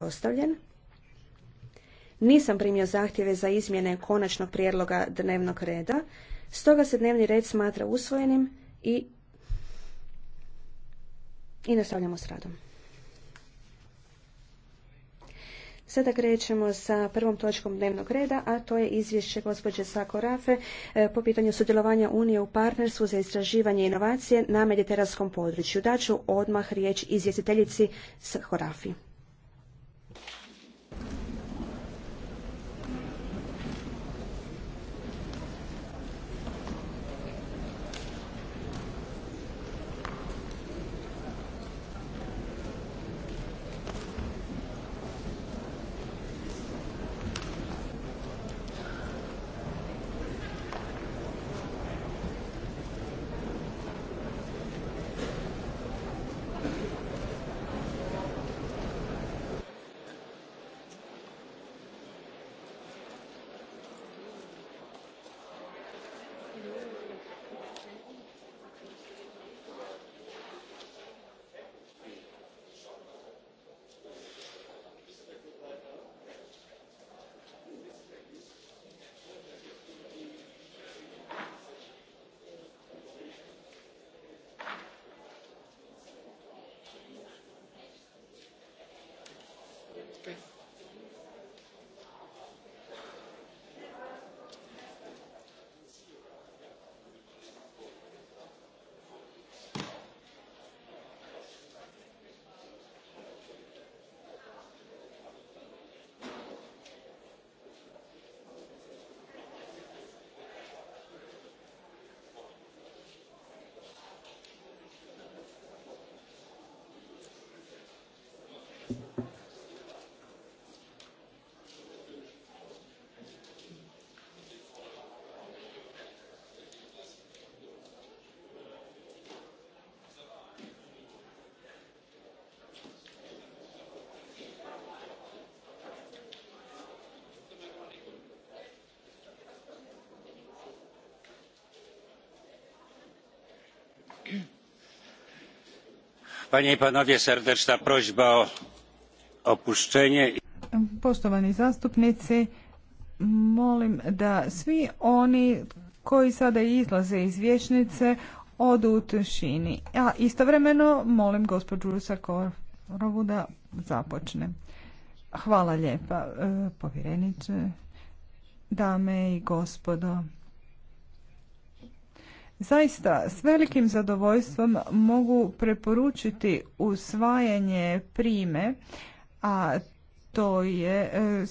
ostavljen. Nisam primio zahtjeve za izmjene konačnog prijedloga dnevnog reda, stoga se dnevni red smatra usvojenim i, i nastavljamo s radom. Sada krećemo sa prvom točkom dnevnog reda, a to je izvješće gospođe Sako Rafe e, po pitanju sudjelovanja Unije u partnerstvu za istraživanje inovacije na mediteranskom području. Daću odmah riječ izvjestiteljici Rafi. Hvala Panie i panowie, serdeczna prośba o opuszczenie. Poštovani zastupnici, molim da svi oni koji sada izlaze iz vijećnice odu u tišini. A istovremeno molim gospođu Sakorovu da započne. Hvala lijepa, e, povjereniče, dame i gospodo. Zaista, s velikim zadovoljstvom mogu preporučiti usvajanje prime, a to je e,